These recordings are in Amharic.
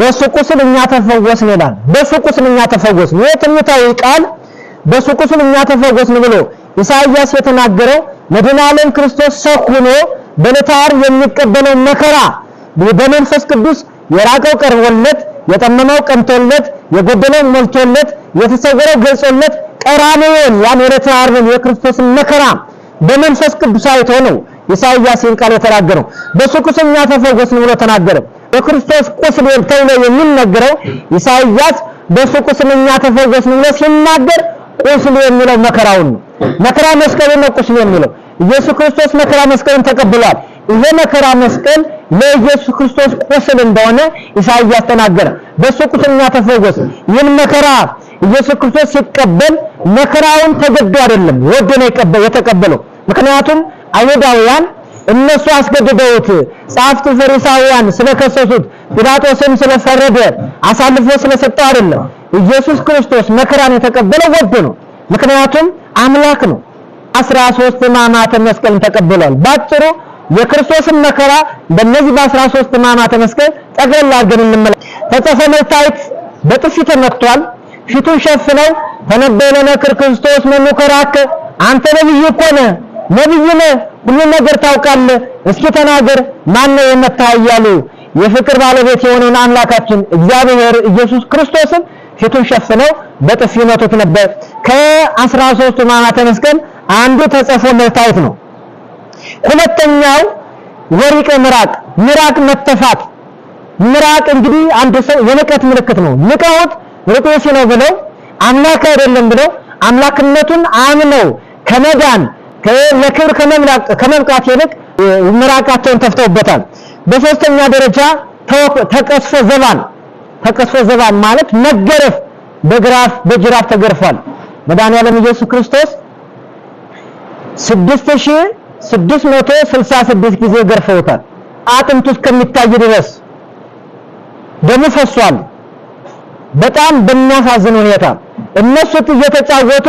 በሱ ቁስል እኛ ተፈወስን ይላል። በሱ ቁስል እኛ ተፈወስን የትንታዊ ቃል በሱ ቁስል እኛ ተፈወስን ብሎ ኢሳይያስ የተናገረው መድኃኔዓለም ክርስቶስ ሰው ሆኖ በዕለተ ዓርብ የሚቀበለው መከራ በመንፈስ ቅዱስ የራቀው ቀርቦለት፣ የጠመመው ቀንቶለት፣ የጎደለው ሞልቶለት፣ የተሰወረው ገልጾለት ቀራንዮን ያን የዕለተ ዓርብን የክርስቶስን መከራ በመንፈስ ቅዱስ አይቶ ነው ኢሳይያስ ይህን ቃል የተናገረው። በሱ ቁስል እኛ ተፈወስን ብሎ ተናገረ። በክርስቶስ ቁስል ተብሎ የሚነገረው ኢሳይያስ በሱ ቁስልኛ ተፈወስን ብሎ ሲናገር ቁስል የሚለው መከራውን ነው። መከራ መስቀል ነው ቁስል የሚለው ኢየሱስ ክርስቶስ መከራ መስቀልን ተቀብሏል። ይሄ መከራ መስቀል ለኢየሱስ ክርስቶስ ቁስል እንደሆነ ኢሳይያስ ተናገረ። በሱ ቁስልኛ ተፈወስን። ይህን መከራ ኢየሱስ ክርስቶስ ሲቀበል መከራውን ተገዶ አይደለም ወዶ ነው የተቀበለው። ምክንያቱም አይሁዳውያን እነሱ አስገድደውት ጻፍት ፈሪሳውያን ስለከሰሱት ጲላጦስም ስለፈረደ አሳልፎ ስለሰጠው አይደለም። ኢየሱስ ክርስቶስ መከራን የተቀበለው ወዶ ነው። ምክንያቱም አምላክ ነው። አስራ ሦስት ሕማማተ መስቀልን ተቀብሏል። ባጭሩ የክርስቶስን መከራ በእነዚህ በአስራ ሦስት ሕማማተ መስቀል ጠቅላላ አድርገን እንመለከት። ተጸፈ መልታይት በጥፊ ተመቷል። ፊቱን ሸፍነው ተነበየነ ክርስቶስ መኑ ከራከ አንተ ነብይ እኮ ነህ ነብይ ነህ ሁሉን ነገር ታውቃለህ፣ እስኪ ተናገር፣ ማን ነው የመታህ እያሉ የፍቅር ባለቤት የሆነውን አምላካችን እግዚአብሔር ኢየሱስ ክርስቶስን ፊቱን ሸፍነው በጥፊ መቱት ነበር። ከአስራ ሦስቱ ሕማማተ መስቀል አንዱ ተጽፎ መታየት ነው። ሁለተኛው ወሪቀ ምራቅ፣ ምራቅ መተፋት። ምራቅ እንግዲህ አንድ ሰው የንቀት ምልክት ነው። ንቀውት ርቆሲ ነው ብለው አምላክ አይደለም ብለው አምላክነቱን አምነው ከመዳን ለክብር ከመብቃት ይልቅ ምራቃቸውን ተፍተውበታል። በሶስተኛ ደረጃ ተቀስፎ ዘባን ተቀስፎ ዘባን ማለት መገረፍ በግራፍ በጅራፍ ተገርፏል። መድኃኒዓለም ኢየሱስ ክርስቶስ 6666 ጊዜ ገርፈውታል። አጥንቱ እስከሚታይ ድረስ ደሙ ፈሷል። በጣም በሚያሳዝን ሁኔታ እነሱ እየተጫወቱ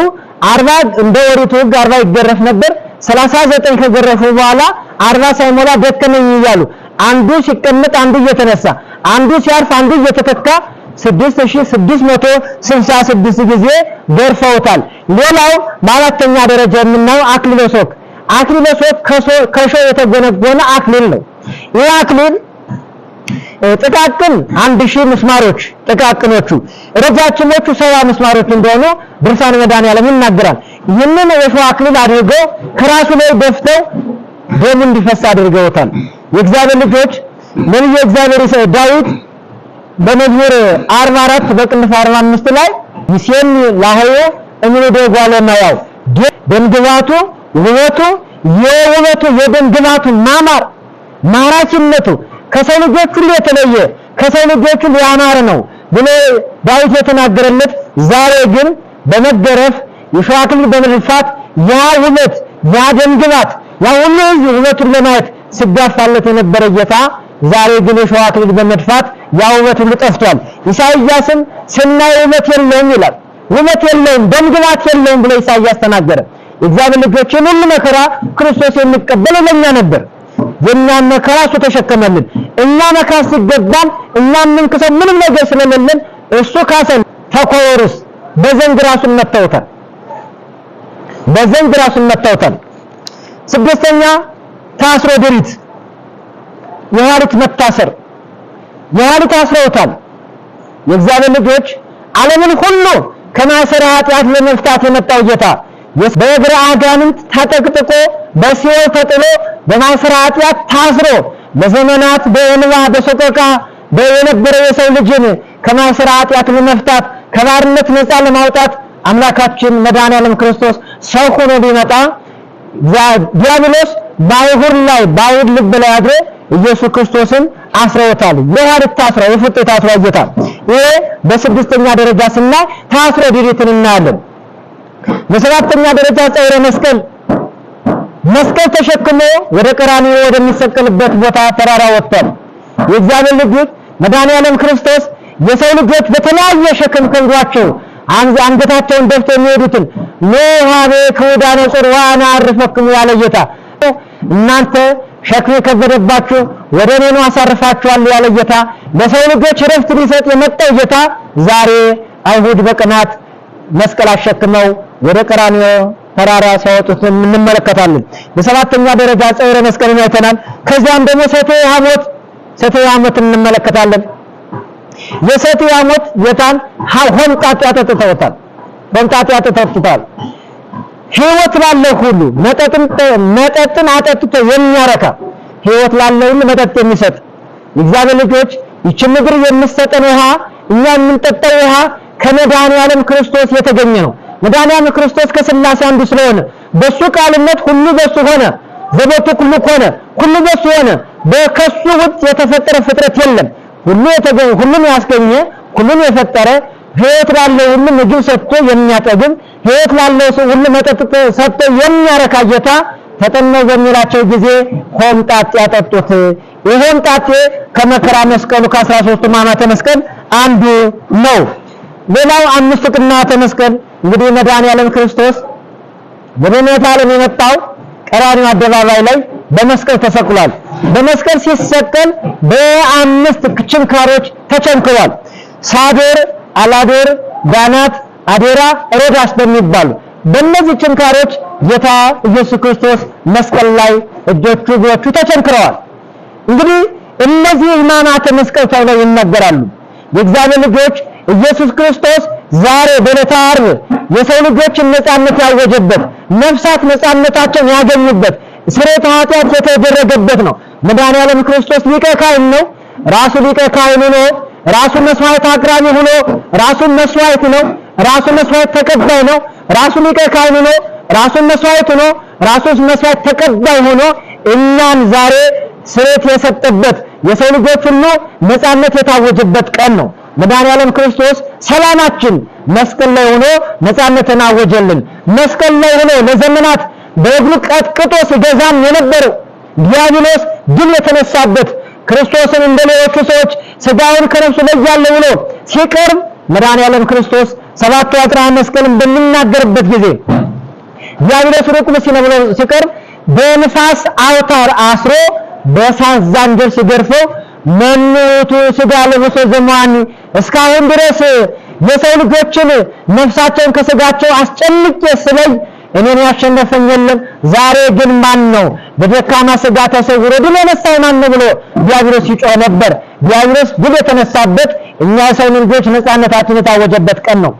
አርባ እንደ ወሪቱ ህግ አርባ ይገረፍ ነበር። ሰላሳ ዘጠኝ ከገረፉ በኋላ አርባ ሳይሞላ ደከመኝ እያሉ አንዱ ሲቀመጥ አንዱ እየተነሳ አንዱ ሲያርፍ አንዱ እየተተካ 6666 ጊዜ ገርፈውታል። ሌላው በአራተኛ ደረጃ የምናየው አክሊለ ሦክ አክሊለ ሦክ ከሾህ የተጎነጎነ አክሊል ነው። ይህ አክሊል ጥቃቅን አንድ ሺህ ምስማሮች ጥቃቅኖቹ፣ ረጃጅሞቹ ሰባ ምስማሮች እንደሆኑ ድርሳነ መድኃኔዓለም ይናገራል። ይህንን የሸዋ አክሊል አድርገው ከራሱ ላይ ደፍተው ደሙ እንዲፈስ አድርገውታል። የእግዚአብሔር ልጆች ነብዩ እግዚአብሔር ዳዊት በመዝሙር 44 በቅንፍ 45 ላይ ይሴን ላሆየ እምኔደ ጓለ እመሕያው ደምግባቱ ውበቱ የውበቱ የደምግባቱ ማማር ማራችነቱ ከሰው ልጆች ሁሉ የተለየ ከሰው ልጆች ሁሉ ያማረ ነው ብሎ ዳዊት የተናገረለት ዛሬ ግን በመገረፍ የሸዋ በመልፋት ያ ውበት ያ ደምግባት ያ ሁሉ ህዝብ ውበቱን ለማየት ሲጋፋለት የነበረ ጌታ ዛሬ ግን የሸዋ ክልል በመድፋት ያ ውበት ሁሉ ጠፍቷል። ኢሳይያስም ስናይ ውበት የለውም ይላል። ውበት የለውም ደምግባት የለውም ብሎ ኢሳይያስ ተናገረ። እግዚአብሔር ልጆችን ሁሉ መከራ ክርስቶስ የሚቀበለው ለኛ ነበር። የእኛን መከራ እሱ ተሸከመልን። እኛ መከራ ሲገባን እኛ የምንክሰው ምንም ነገር ስለሌለን እሱ ካሰን። ተኮርስ በዘንግ ራሱን መታውታል፣ በዘንግ ራሱን መታውታል። ስደተኛ ታስሮ ድሪት የኋሊት መታሰር የኋሊት አስረውታል። የእግዚአብሔር ልጆች ዓለምን ሁሉ ከማሰረ ኃጢአት ለመፍታት የመጣው ጌታ በእግረ አጋንንት ተጠቅጥቆ በሲኦል ተጥሎ በማይሰራ ኃጢአት ታስሮ በዘመናት በእንባ በሰቆቃ የነበረው የሰው ልጅን ከማይሰራ ኃጢአት ለመፍታት ከባርነት ነፃ ለማውጣት አምላካችን መድኃኔዓለም ክርስቶስ ሰው ሆኖ ቢመጣ ዲያብሎስ በአይሁድ ላይ በአይሁድ ልብ ላይ አድሮ ኢየሱስ ክርስቶስን አስረውታል። የዋርት ታስረው የፍጥ ታስራ ይሄ በስድስተኛ ደረጃ ስናይ ታስሮ ድሪትን እናያለን። በሰባተኛ ደረጃ ፀይረ መስቀል መስቀል ተሸክሞ ወደ ቀራንዮ ወደሚሰቀልበት ቦታ ተራራ ወጥቷል። የእግዚአብሔር ልጅ መድኃኒዓለም ክርስቶስ የሰው ልጆች በተለያየ ሸክም ከብዷቸው አንገታቸውን ደፍተው የሚሄዱትን ኖሃ ከወዳነ ጽር አርፈክሙ ያለ ጌታ እናንተ ሸክም የከበደባችሁ ወደ እኔ ነው አሳርፋችኋለሁ ያለ ጌታ ለሰው ልጆች ረፍት ሊሰጥ የመጣው ጌታ ዛሬ አይሁድ በቅናት መስቀል አሸክመው ወደ ቀራንዮ ተራራ ሲያወጡት እንመለከታለን። በሰባተኛ ደረጃ ፀይረ መስቀልን አይተናል። ከዚያም ደግሞ ሰትየ ሐሞት ሰትየ ሐሞት እንመለከታለን። የሰትየ ሐሞት የታን ሆምጣጤ አጠጥተውታል። ሆምጣጤ አጠጥተውታል። ህይወት ላለው ሁሉ መጠጥን መጠጥን አጠጥቶ የሚያረካ ህይወት ላለው ሁሉ መጠጥ የሚሰጥ የእግዚአብሔር ልጆች ይቺ ምድር የምትሰጠን ውሃ እኛ የምንጠጣው ውሃ ከመድኃኔ ዓለም ክርስቶስ የተገኘ ነው። መድኃኒያም ክርስቶስ ከስላሴ አንዱ ስለሆነ በሱ ቃልነት ሁሉ በሱ ሆነ፣ ዘበቱ ሁሉ ሆነ፣ ሁሉ በሱ ሆነ። በከሱ ውጭ የተፈጠረ ፍጥረት የለም። ሁሉ የተገኘ ሁሉን ያስገኘ ሁሉን የፈጠረ ህይወት ላለው ሁሉ ምግብ ሰጥቶ የሚያጠግብ ሕይወት ላለው ሁሉ መጠጥ ሰጥቶ የሚያረካ ጌታ ተጠመው በሚላቸው ጊዜ ሆምጣጤ ያጠጡት። የሆምጣጤ ከመከራ መስቀሉ ከአስራ ሦስቱ ሕማማተ መስቀል አንዱ ነው። ሌላው አምስቱ ቅንዋተ መስቀል እንግዲህ መድኃኒዓለም ክርስቶስ ወደ ሞት ዓለም የመጣው ቀራንዮ አደባባይ ላይ በመስቀል ተሰቅሏል። በመስቀል ሲሰቀል በአምስት ችንካሮች ተቸንክሯል። ሳዶር፣ አላዶር፣ ዳናት፣ አዴራ፣ ሮዳስ በሚባሉ በእነዚህ ችንካሮች ጌታ ኢየሱስ ክርስቶስ መስቀል ላይ እጆቹ እግሮቹ ተቸንክረዋል። እንግዲህ እነዚህ ሕማማተ መስቀል ተብለው ይነገራሉ። የእግዚአብሔር ልጆች ኢየሱስ ክርስቶስ ዛሬ በዕለተ ዓርብ የሰው ልጆችን ነፃነት ያወጀበት ነፍሳት ነፃነታቸውን ያገኙበት ስርየተ ኃጢአት የተደረገበት ነው። መድኃኒዓለም ክርስቶስ ሊቀ ካህን ነው። ራሱ ሊቀ ካህን ነው። ራሱ መስዋዕት አቅራቢ ሆኖ ራሱ መስዋዕት ነው። ራሱ መስዋዕት ተቀባይ ነው። ራሱ ሊቀ ካህን ነው። ራሱ መስዋዕት ነው። ራሱ መስዋዕት ተቀባይ ሆኖ እኛን ዛሬ ስርየት የሰጠበት የሰው ልጆች ሁሉ ነፃነት የታወጀበት ቀን ነው። መድኃኒዓለም ክርስቶስ ሰላማችን መስቀል ላይ ሆኖ ነፃነትን አወጀልን። መስቀል ላይ ሆኖ ለዘመናት በእግሩ ቀጥቅጦ ሲገዛን የነበረው ዲያብሎስ ድል የተነሳበት ክርስቶስን እንደሌሎቹ ሰዎች ስጋውን ከነፍሱ ለያለሁ ብሎ ሲቀርብ መድኃኒዓለም ክርስቶስ ሰባቱ አጽራረ መስቀልን በሚናገርበት ጊዜ ዲያብሎስ ሩቁም ምስለ ሲቀርብ በንፋስ አውታር አስሮ በእሳት ዛንጀር ሲገርፈው መኑ ውእቱ ሥጋ ለብሶ ዘማኒ እስካሁን ድረስ የሰው ልጆችን ነፍሳቸውን ከስጋቸው አስጨንቄ ስለይ እኔን ያሸነፈኝ የለም። ዛሬ ግን ማን ነው በደካማ ስጋ ተሰውሮ ድል የነሳኝ ማን ነው ብሎ ዲያብሎስ ይጮህ ነበር። ዲያብሎስ ድል የተነሳበት እኛ ሰው ልጆች ነፃነታችን የታወጀበት ቀን ነው።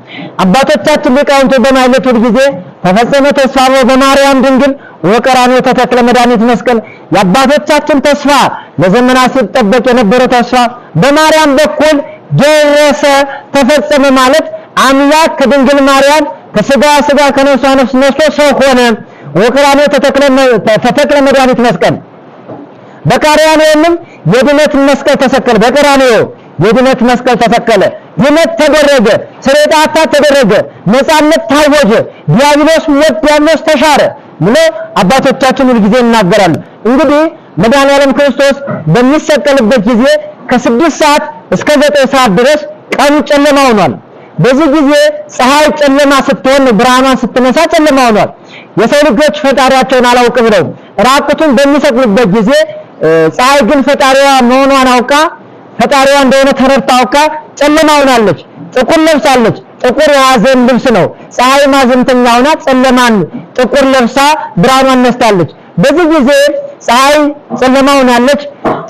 አባቶቻችን ሊቃውንቱ በማይለቱት ጊዜ ተፈጸመ ተስፋ በማርያም ድንግል ወቀራኔ ተተክለ መድኃኒት መስቀል የአባቶቻችን ተስፋ ለዘመናት ሲጠበቅ የነበረው ተስፋ በማርያም በኩል ደረሰ ተፈጸመ ማለት አምላክ ከድንግል ማርያም ከስጋ ስጋ ከነፍሷ ነፍስ ነስቶ ሰው ሆነ። ወቀራንዮ ተተክለ መድኃኒት መስቀል በቃርያንዮንም የድነት መስቀል ተሰቀለ በቀራንዮ የድነት መስቀል ተሰቀለ፣ ድነት ተደረገ፣ ስርየት ተደረገ፣ ነፃነት ታወጀ፣ ዲያብሎስ ወዲያኖስ ተሻረ ብሎ አባቶቻችን ሁልጊዜ ይናገራሉ። እንግዲህ መድኃኒዓለም ክርስቶስ በሚሰቀልበት ጊዜ ከስድስት ሰዓት እስከ ዘጠኝ ሰዓት ድረስ ቀኑ ጨለማ ሆኗል። በዚህ ጊዜ ፀሐይ ጨለማ ስትሆን ብርሃኗን ስትነሳ ጨለማ ሆኗል። የሰው ልጆች ፈጣሪያቸውን አላውቅ ብለው ራቁቱን በሚሰቅሉበት ጊዜ ፀሐይ ግን ፈጣሪዋ መሆኗን አውቃ ፈጣሪዋ እንደሆነ አውቃ ጨለማ ሆናለች። ጥቁር ለብሳለች። ጥቁር የሐዘን ልብስ ነው። ፀሐይ ሐዘንተኛ ሆና ጨለማን ጥቁር ለብሳ ብርሃኗን ነስታለች። በዚህ ጊዜ ፀሐይ ጨለማ ሆናለች፣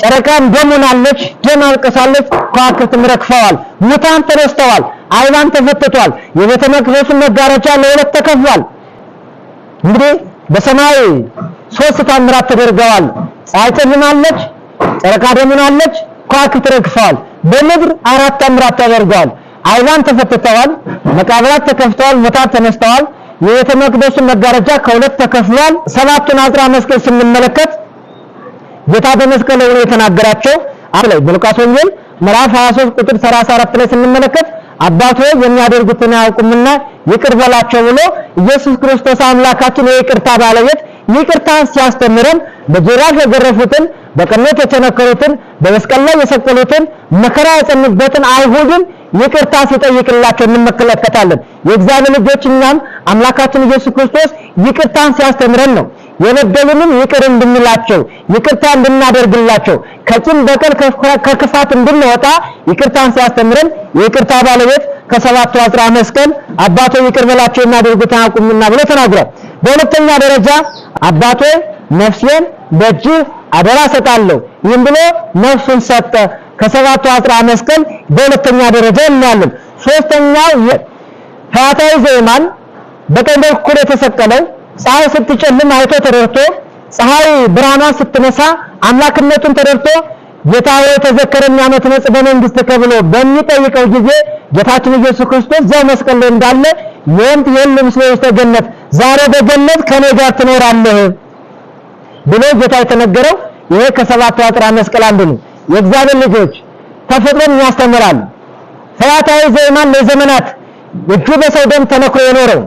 ጨረቃም ደም ሆናለች፣ ደም አልቅሳለች። ከዋክብትም ረግፈዋል፣ ሙታን ተነስተዋል፣ አይባን ተፈትቷል። የቤተ መቅደሱ መጋረጃ ለሁለት ተከፍሏል። እንግዲህ በሰማይ ሶስት ታምራት ተደርገዋል። ፀሐይ ጨልማለች፣ ጨረቃ ደም ሆናለች ከዋክብት ረግፈዋል። በምድር አራት አምራት ተደርገዋል። አይዛን ተፈትተዋል። መቃብራት ተከፍተዋል። ሙታን ተነስተዋል። የቤተ መቅደሱ መጋረጃ ከሁለት ተከፍሏል። ሰባቱን አጥራ መስቀል ስንመለከት ጌታ በመስቀል ላይ የተናገራቸው አሁን ላይ በሉቃስ ወንጌል ምዕራፍ 23 ቁጥር 34 ላይ ስንመለከት አባቶ የሚያደርጉትን አያውቁምና ይቅር በላቸው ብሎ ኢየሱስ ክርስቶስ አምላካችን የይቅርታ ባለቤት ይቅርታ ሲያስተምረን በጅራፍ የገረፉትን በቅሌት የቸነከሩትን በመስቀል ላይ የሰቀሉትን መከራ የጸኑበትን አይሁድን ይቅርታ ሲጠይቅላቸው እንመለከታለን። የእግዚአብሔር ልጆች እኛም አምላካችን ኢየሱስ ክርስቶስ ይቅርታን ሲያስተምረን ነው የበደሉንም ይቅር እንድንላቸው ይቅርታ እንድናደርግላቸው ከቂም በቀል ከክፋት እንድንወጣ ይቅርታን ሲያስተምረን የይቅርታ ባለቤት ከሰባቱ አጽራ መስቀል አባቶ ይቅር በላቸው የሚያደርጉትን አቁምና ብሎ ተናግሯል። በሁለተኛ ደረጃ አባቴ ነፍሴን በእጅ አደራ ሰጣለሁ። ይህም ብሎ ነፍሱን ሰጠ። ከሰባቱ አስራ መስቀል በሁለተኛ ደረጃ እናያለን። ሶስተኛው ፈያታዊ ዘየማን በቀኝ በኩል የተሰቀለው ፀሐይ ስትጨልም አይቶ ተረድቶ ፀሐይ ብርሃኗን ስትነሳ አምላክነቱን ተረድቶ ጌታ ሆይ ተዘከረኒ ዓመተ መጽእ ተብሎ በሚጠይቀው ጊዜ ጌታችን ኢየሱስ ክርስቶስ እዚያው መስቀል ላይ እንዳለ የምት የለም ስለዚህ ገነት ዛሬ በገነት ከኔ ጋር ትኖራለህ ብሎ ጌታ የተነገረው ይሄ ከሰባቱ አጥራ መስቀል አንዱ ነው። የእግዚአብሔር ልጆች ተፈጥሮን ያስተምራል። ፈያታዊ ዘይማን ለዘመናት እጁ በሰው ደም ተነክሮ የኖረው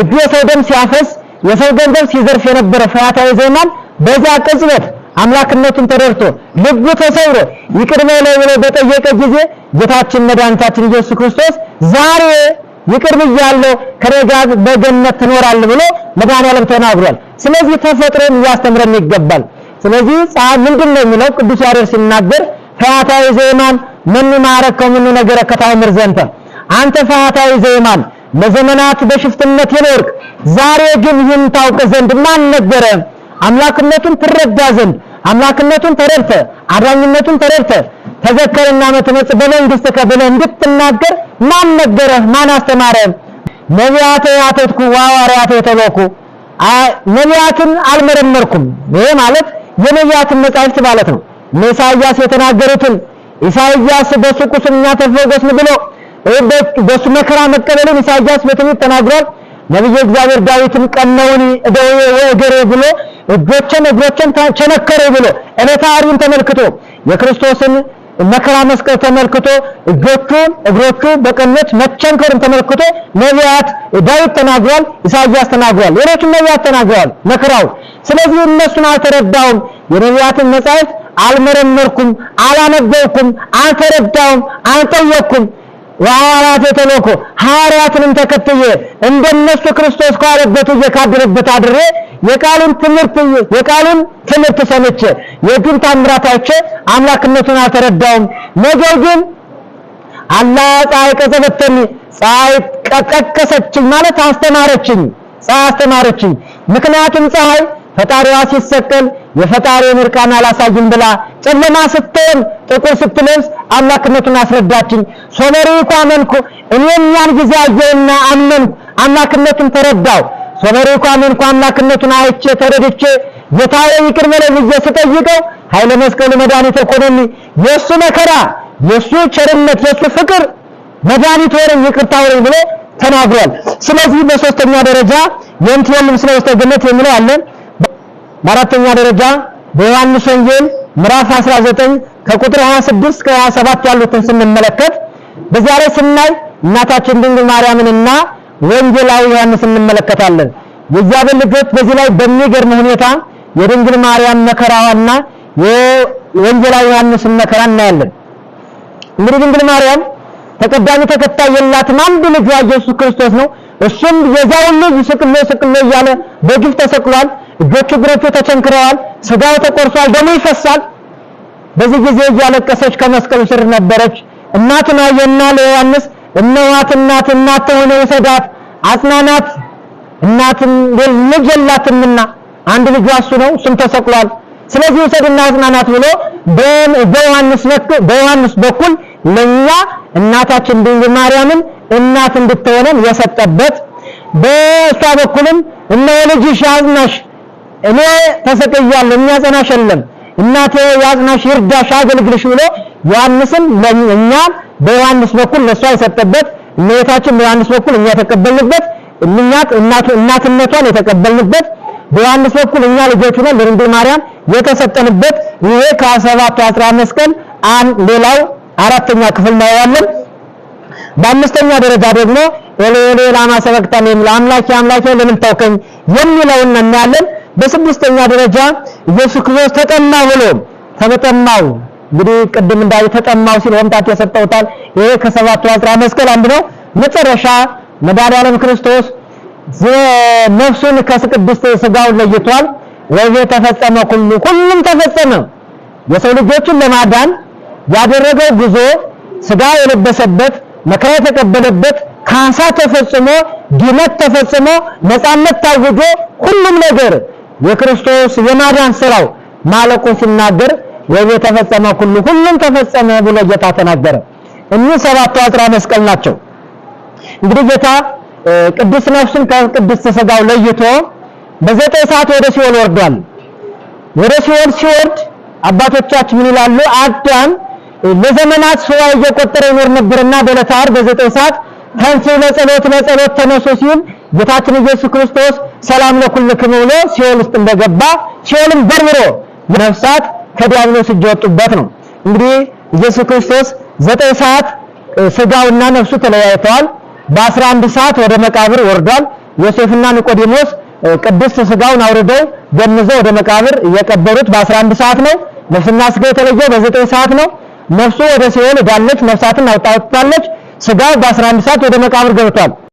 እጁ የሰው ደም ሲያፈስ የሰው ገንዘብ ሲዘርፍ የነበረ ፈያታዊ ዘይማን በዛ ቅጽበት አምላክነቱን ተረድቶ ልቡ ተሰብሮ ይቅር በለኝ ብሎ በጠየቀ ጊዜ ጌታችን መድኃኒታችን ኢየሱስ ክርስቶስ ዛሬ ይቅር ብያለሁ ከኔ ጋር በገነት ትኖራለህ ብሎ መድኃኒዓለም ተናግሯል። ስለዚህ ተፈጥሮን እያስተምረን ይገባል። ስለዚህ ጻፍ ምንድን ነው የሚለው ቅዱስ ያሬድ ሲናገር ፈያታዊ ዘይማን ምን ማረከው ምን ነገረ ከታምር ዘንተ አንተ ፈያታዊ ዘይማን ለዘመናት በሽፍትነት የኖርክ ዛሬ ግን ይህን ታውቅ ዘንድ ማን ነገረ አምላክነቱን ትረዳ ዘንድ አምላክነቱን ተረድተ አዳኝነቱን ተረድተ ተዘከርና መተመጽ በመንግሥትከ ብለህ እንድትናገር ማን ነገረህ? ማን አስተማረህ? ነቢያት ያተትኩ ወሐዋርያተ የተበኩ ነቢያትን አልመረመርኩም። ይሄ ማለት የነቢያትን መጻሕፍት ማለት ነው። ኢሳይያስ የተናገሩትን ኢሳይያስ በሱ ቁስልና ተፈወስን ብሎ በሱ መከራ መቀበልን ኢሳይያስ በትንቢት ተናግሯል። ነቢዩ እግዚአብሔር ዳዊትን ቀናውን እደዌ ወእገሬ ብሎ እጆችን እግሮችን ቸነከረ ብሎ ዕለተ ዓርብን ተመልክቶ የክርስቶስን መከራ መስቀል ተመልክቶ እጆቹ እግሮቹ በቀኖች መቸንከርን ተመልክቶ ነቢያት ዳዊት ተናግሯል፣ ኢሳይያስ ተናግሯል፣ ሌሎችም ነቢያት ተናግሯል መከራው። ስለዚህ እነሱን አልተረዳውም፣ የነቢያትን መጻሕፍት አልመረመርኩም፣ አላነበብኩም፣ አልተረዳውም፣ አልጠየቅኩም። የሐዋርያት የተለኮ ሐዋርያትንም ተከትዬ እንደነሱ ክርስቶስ ካለበት እየካድርበት አድሬ የቃሉን ትምህርት የቃሉን ትምህርት ሰምቼ የግን ታምራት አይቼ አምላክነቱን አልተረዳውም። ነገር ግን አላህ ፀሐይ ቀዘፈተኒ ፀሐይ ቀሰቀሰችኝ ማለት አስተማረችኝ። ፀሐይ አስተማረችኝ። ምክንያቱም ፀሐይ ፈጣሪዋ ሲሰቀል የፈጣሪውን እርቃን አላሳይም ብላ ጨለማ ስትሆን ጥቁር ስትለብስ አምላክነቱን አስረዳችኝ። ሶመሪ እኮ አመንኩ እኔም ያን ጊዜ አየሁና አመንኩ፣ አምላክነቱን ተረዳው። ሶመሪ እኮ አመንኩ አምላክነቱን አይቼ ተረድቼ ጌታዬ ይቅር በለኝ ብዬ ስጠይቀው ኃይለ መስቀሉ መድኃኒት ኮነኒ የእሱ መከራ የእሱ ቸርነት የእሱ ፍቅር መድኃኒት ወረኝ ይቅርታ ወረኝ ብሎ ተናግሯል። ስለዚህ በሶስተኛ ደረጃ የእንት የለም ስለ ውስተ ገነት የሚለው አለን በአራተኛ ደረጃ በዮሐንስ ወንጌል ምዕራፍ 19 ከቁጥር 26 እስከ 27 ያሉትን ስንመለከት በዚያ ላይ ስናይ እናታችን ድንግል ማርያምንና ወንጌላዊ ዮሐንስ እንመለከታለን። የእግዚአብሔር ልጆች በዚህ ላይ በሚገርም ሁኔታ የድንግል ማርያም መከራዋና የወንጌላዊ ዮሐንስን መከራ እናያለን። እንግዲህ ድንግል ማርያም ተቀዳሚ ተከታይ የላትም። አንድ ልጇ ኢየሱስ ክርስቶስ ነው። እሱም የዛውን ልጅ ስቅሎ ስቅሎ እያለ በግፍ ተሰቅሏል። እጆቹ እግሮቹ ተቸንክረዋል፣ ስጋው ተቆርሷል፣ ደሙ ይፈሳል። በዚህ ጊዜ እያለቀሰች ከመስቀሉ ስር ነበረች። እናቱን አየና ለዮሐንስ እነዋት እናት እናት ተሆነ ውሰዳት፣ አጽናናት። እናትም ልጅ የላትምና አንድ ልጇ እሱ ነው፣ እሱም ተሰቅሏል። ስለዚህ ውሰድና አጽናናት ብሎ በዮሐንስ በኩል ለኛ እናታችን ድንግል ማርያምን እናት እንድትሆነን የሰጠበት በእሷ በኩልም እነሆ ልጅሽ ያዝናሽ እኔ ተሰቀያለሁ የሚያጸናሽ የለም፣ እናቴ ያጽናሽ፣ ይርዳሽ፣ አገልግልሽ ብሎ ዮሐንስም ለእኛ በዮሐንስ በኩል ለእሷ የሰጠበት እመቤታችን በዮሐንስ በኩል እኛ የተቀበልንበት እናትነቷን የተቀበልንበት በዮሐንስ በኩል እኛ ልጆቹ ነን ለድንግል ማርያም የተሰጠንበት ይሄ ከሰባቱ አስራ አምስት ቀን አን ሌላው አራተኛ ክፍል ነው ያለን። በአምስተኛ ደረጃ ደግሞ ኤሌ ኤሌ ላማ ሰበቅታኒ የሚለው አምላኬ አምላኬ ለምን ተውከኝ የሚለውን እናያለን። በስድስተኛ ደረጃ ኢየሱስ ክርስቶስ ተጠማ ብሎ ተጠማው። እንግዲህ ቅድም እንዳለ ተጠማው ሲል ሆምጣጤ ሰጠውታል። ይሄ ከሰባቱ አጽራ መስቀል አንድ ነው። መጨረሻ መድኃኒዓለም ክርስቶስ ነፍሱን ከቅድስት ስጋውን ለይቷል። ወይ ተፈጸመ ሁሉ ሁሉም ተፈጸመ። የሰው ልጆችን ለማዳን ያደረገው ጉዞ ስጋ የለበሰበት መከራ የተቀበለበት ካሳ ተፈጽሞ ድነት ተፈጽሞ ነፃነት ታውጆ ሁሉም ነገር የክርስቶስ የማዳን ስራው ማለቁ ሲናገር ወይ ተፈጸመ ሁሉ ሁሉም ተፈጸመ ብሎ ጌታ ተናገረ። እኚህ ሰባቱ አጥራ መስቀል ናቸው። እንግዲህ ጌታ ቅዱስ ነፍሱን ከቅዱስ ስጋው ለይቶ በዘጠኝ ሰዓት ወደ ሲኦል ወርዷል። ወደ ሲኦል ሲወርድ አባቶቻችን ምን ይላሉ? አዳም ለዘመናት ሰው እየቆጠረ ይኖር ነበርና በዕለተ ዓርብ በዘጠኝ ሰዓት ተንሱ ለጸሎት ለጸሎት ተነሱ ሲል ጌታችን ኢየሱስ ክርስቶስ ሰላም ለኩልክሙ ብሎ ሲኦል ውስጥ እንደገባ ሲኦልም በርብሮ ነፍሳት ከዲያብሎስ እጅ ወጡበት ነው። እንግዲህ ኢየሱስ ክርስቶስ ዘጠኝ ሰዓት ስጋውና ነፍሱ ተለያይተዋል። በአስራ አንድ ሰዓት ወደ መቃብር ወርዷል። ዮሴፍና ኒቆዲሞስ ቅድስት ስጋውን አውርደው ገንዘው ወደ መቃብር የቀበሩት በ11 ሰዓት ነው። ነፍስና ስጋ የተለየው በ9 ሰዓት ነው። ነፍሱ ወደ ሲኦል ዳለች፣ ነፍሳትን አውጥታለች። ಸುಧಾ ದಾಸರಾಮ್ ಸಾಥ್ ಇದನ್ನು ಕಾವಲು